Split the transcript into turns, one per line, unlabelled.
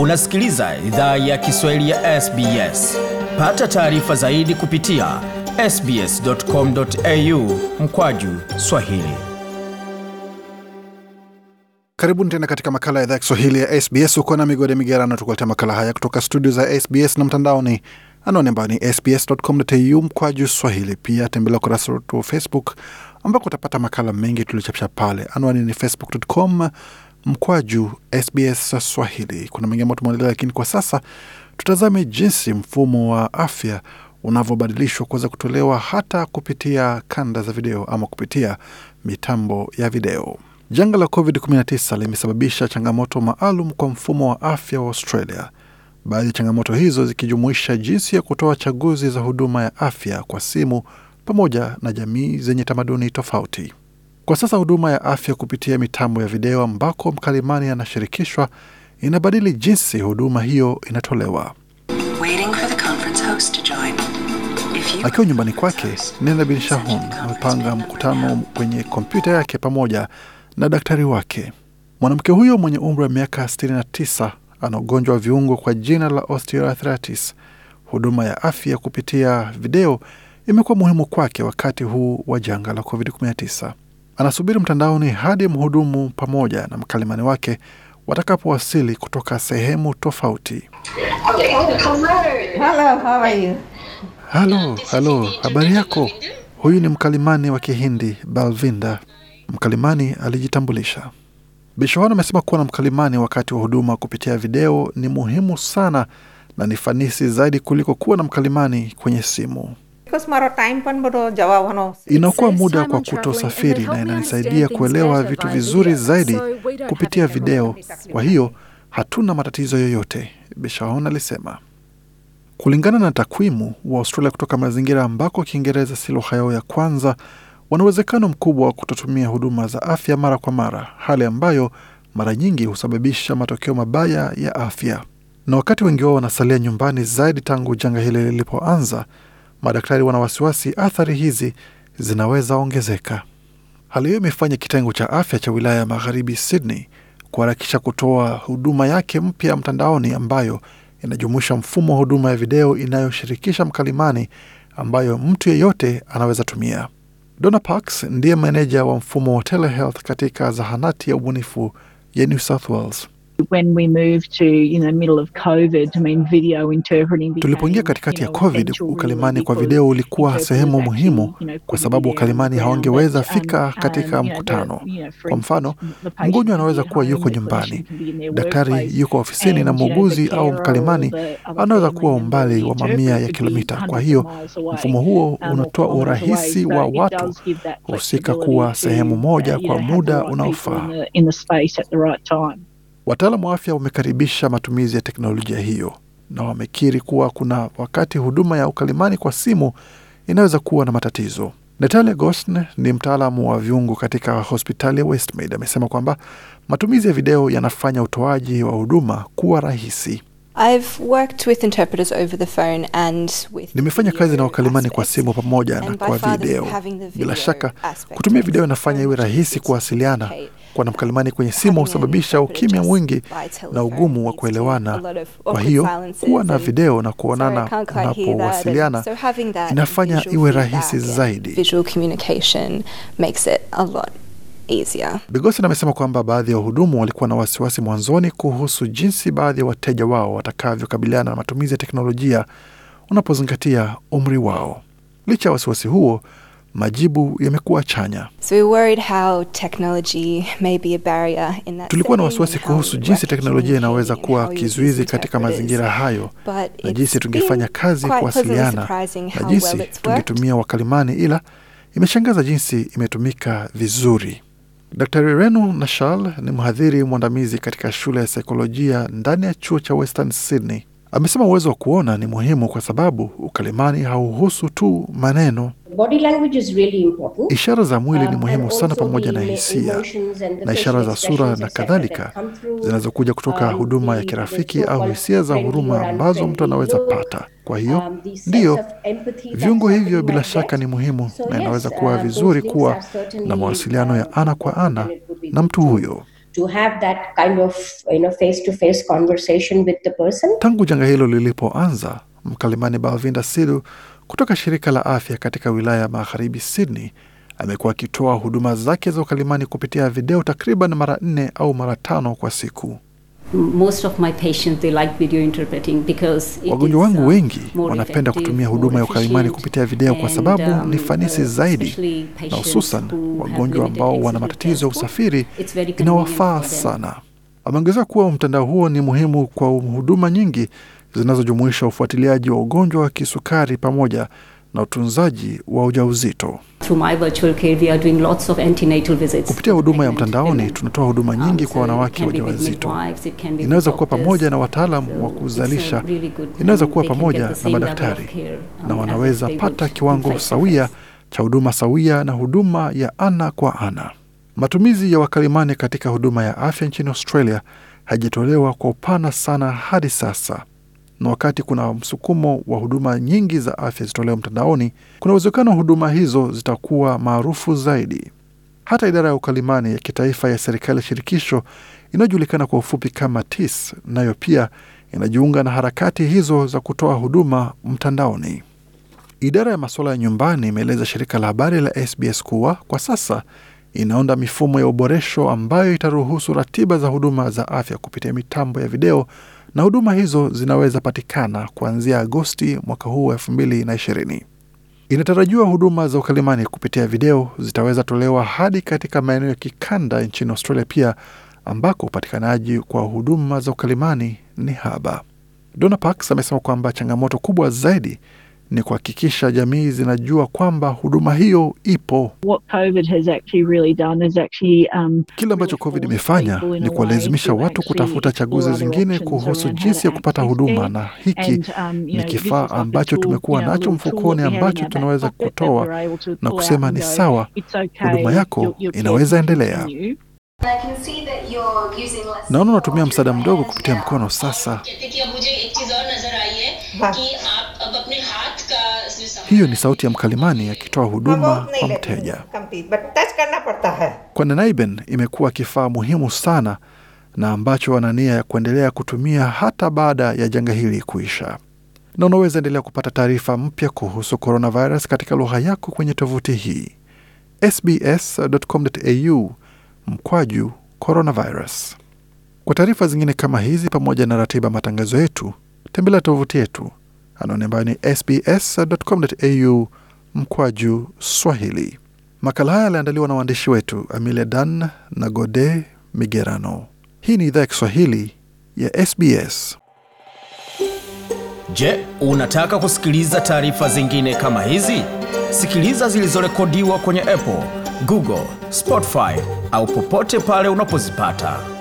Unasikiliza idhaa ya Kiswahili ya SBS. Pata taarifa zaidi kupitia sbs.com.au mkwaju swahili. Karibuni tena katika makala ya idhaa ya Kiswahili ya SBS. huko na migode migerano, tukuletea makala haya kutoka studio za SBS na mtandaoni anaone ambayo ni sbs.com.au mkwaju swahili. Pia tembelea ukurasa wetu wa Facebook ambako utapata makala mengi tuliochapisha pale. Anwani ni facebook.com mkwaju SBS Swahili. Kuna mengi ambayo tumeandalia, lakini kwa sasa tutazame jinsi mfumo wa afya unavyobadilishwa kuweza kutolewa hata kupitia kanda za video ama kupitia mitambo ya video. Janga la COVID-19 limesababisha changamoto maalum kwa mfumo wa afya wa Australia, baadhi ya changamoto hizo zikijumuisha jinsi ya kutoa chaguzi za huduma ya afya kwa simu pamoja na jamii zenye tamaduni tofauti. Kwa sasa huduma ya afya kupitia mitambo ya video ambako mkalimani anashirikishwa inabadili jinsi huduma hiyo inatolewa. Akiwa nyumbani kwake, Nena bin Shahun amepanga mkutano kwenye kompyuta yake pamoja na daktari wake. Mwanamke huyo mwenye umri wa miaka 69 ana ugonjwa wa viungo kwa jina la osteoarthritis. Huduma ya afya kupitia video imekuwa muhimu kwake wakati huu wa janga la COVID-19 anasubiri mtandaoni hadi mhudumu pamoja na mkalimani wake watakapowasili kutoka sehemu tofauti. Halo, halo, habari yako? Huyu ni mkalimani wa Kihindi Balvinda. Mkalimani alijitambulisha. Bishoan amesema kuwa na mkalimani wakati wa huduma kupitia video ni muhimu sana na ni fanisi zaidi kuliko kuwa na mkalimani kwenye simu time inaokoa muda kwa kutosafiri na inanisaidia kuelewa vitu vizuri zaidi so kupitia video. Kwa hiyo hatuna matatizo yoyote, Bishaon alisema. Kulingana na takwimu wa Australia kutoka mazingira ambako Kiingereza si lugha yao ya kwanza, wana uwezekano mkubwa wa kutotumia huduma za afya mara kwa mara, hali ambayo mara nyingi husababisha matokeo mabaya ya afya. Na wakati wengi wao wanasalia nyumbani zaidi tangu janga hili lilipoanza, Madaktari wana wasiwasi athari hizi zinaweza ongezeka. Hali hiyo imefanya kitengo cha afya cha wilaya ya magharibi Sydney kuharakisha kutoa huduma yake mpya mtandaoni ambayo inajumuisha mfumo wa huduma ya video inayoshirikisha mkalimani ambayo mtu yeyote anaweza tumia. Donna Parks ndiye meneja wa mfumo wa telehealth katika zahanati ya ubunifu ya New South Wales. Tulipoingia katikati ya COVID, ukalimani kwa video ulikuwa sehemu muhimu, kwa sababu wakalimani hawangeweza fika um, katika um, mkutano. Kwa mfano, mgonjwa anaweza kuwa yuko nyumbani, daktari yuko ofisini, na muuguzi au mkalimani anaweza kuwa umbali wa mamia ya kilomita. Kwa hiyo mfumo huo um, unatoa urahisi wa watu husika kuwa sehemu uh, moja kwa muda unaofaa. Wataalamu wa afya wamekaribisha matumizi ya teknolojia hiyo na wamekiri kuwa kuna wakati huduma ya ukalimani kwa simu inaweza kuwa na matatizo. Natalia Gosn ni mtaalamu wa viungo katika hospitali ya Westmead. Amesema kwamba matumizi ya video yanafanya utoaji wa huduma kuwa rahisi. nimefanya kazi na wakalimani kwa simu pamoja na kwa video. Bila shaka kutumia video inafanya iwe rahisi kuwasiliana kwa namkalimani kwenye simu husababisha ukimya mwingi na ugumu wa kuelewana. Kwa hiyo kuwa na video na kuonana unapowasiliana inafanya iwe rahisi zaidi. Bigosi amesema kwamba baadhi ya wahudumu walikuwa na wasiwasi mwanzoni kuhusu jinsi baadhi ya wateja wao watakavyokabiliana na matumizi ya teknolojia unapozingatia umri wao. Licha ya wasiwasi huo majibu yamekuwa chanya. So tulikuwa na wasiwasi kuhusu jinsi teknolojia inaweza kuwa kizuizi katika mazingira hayo, na jinsi tungefanya kazi kuwasiliana, na jinsi well tungetumia wakalimani, ila imeshangaza jinsi imetumika vizuri. Dr. Renu Nashal ni mhadhiri mwandamizi katika shule ya saikolojia ndani ya chuo cha Western Sydney Amesema uwezo wa kuona ni muhimu kwa sababu ukalimani hauhusu tu maneno. Body language is really important. Ishara za mwili ni um, muhimu sana pamoja na hisia na ishara za sura na kadhalika zinazokuja kutoka um, huduma ya kirafiki au hisia za huruma ambazo mtu anaweza pata. Kwa hiyo um, ndiyo, viungo hivyo bila shaka ni muhimu, na inaweza kuwa uh, vizuri kuwa na mawasiliano ya ana kwa ana na mtu huyo to have that kind of you know face to face conversation with the person. Tangu janga hilo lilipoanza, mkalimani Balvinda sidu kutoka shirika la afya katika wilaya ya Magharibi Sydney amekuwa akitoa huduma zake za ukalimani kupitia video takriban mara nne au mara tano kwa siku. Wagonjwa wangu uh, wengi wanapenda kutumia huduma ya ukalimani kupitia video kwa sababu ni um, fanisi uh, zaidi, na hususan wagonjwa ambao wana matatizo ya usafiri inawafaa sana. Ameongeza kuwa mtandao huo ni muhimu kwa huduma nyingi zinazojumuisha ufuatiliaji wa ugonjwa wa kisukari pamoja na utunzaji wa ujauzito. Kupitia huduma ya mtandaoni tunatoa huduma nyingi kwa wanawake wajawazito. Inaweza kuwa pamoja na wataalam wa kuzalisha, inaweza kuwa pamoja na madaktari, um, na wanaweza pata kiwango sawia cha huduma sawia na huduma ya ana kwa ana. Matumizi ya wakalimani katika huduma ya afya nchini Australia hajatolewa kwa upana sana hadi sasa na wakati kuna msukumo wa huduma nyingi za afya zitolewa mtandaoni, kuna uwezekano huduma hizo zitakuwa maarufu zaidi. Hata idara ya ukalimani ya kitaifa ya serikali ya shirikisho inayojulikana kwa ufupi kama TIS nayo pia inajiunga na harakati hizo za kutoa huduma mtandaoni. Idara ya masuala ya nyumbani imeeleza shirika la habari la SBS kuwa kwa sasa inaunda mifumo ya uboresho ambayo itaruhusu ratiba za huduma za afya kupitia mitambo ya video na huduma hizo zinaweza patikana kuanzia Agosti mwaka huu wa elfu mbili na ishirini. Inatarajiwa huduma za ukalimani kupitia video zitaweza tolewa hadi katika maeneo ya kikanda nchini Australia pia ambako upatikanaji kwa huduma za ukalimani ni haba. Donna Parks amesema kwamba changamoto kubwa zaidi ni kuhakikisha jamii zinajua kwamba huduma hiyo ipo. Really um, kile ambacho COVID imefanya ni kuwalazimisha watu kutafuta chaguzi zingine kuhusu jinsi ya kupata huduma, na hiki and, um, ni kifaa ambacho tumekuwa nacho mfukoni ambacho tunaweza kutoa na kusema ni sawa, huduma yako inaweza endelea. Naona unatumia msaada mdogo kupitia mkono sasa. Hiyo ni sauti ya mkalimani akitoa huduma kwa mteja. Kwa Nanaiben imekuwa kifaa muhimu sana na ambacho wana nia ya kuendelea kutumia hata baada ya janga hili kuisha. Na unaweza endelea kupata taarifa mpya kuhusu coronavirus katika lugha yako kwenye tovuti hii sbs.com.au mkwaju coronavirus. Kwa taarifa zingine kama hizi, pamoja na ratiba matangazo yetu, tembelea tovuti yetu anaone ambayo ni sbs.com.au mkwaju Swahili. Makala haya yaliandaliwa na waandishi wetu Amelia Dan na Gode Migerano. Hii ni idhaa ya Kiswahili ya SBS. Je, unataka kusikiliza taarifa zingine kama hizi? Sikiliza zilizorekodiwa kwenye Apple, Google, Spotify au popote pale unapozipata.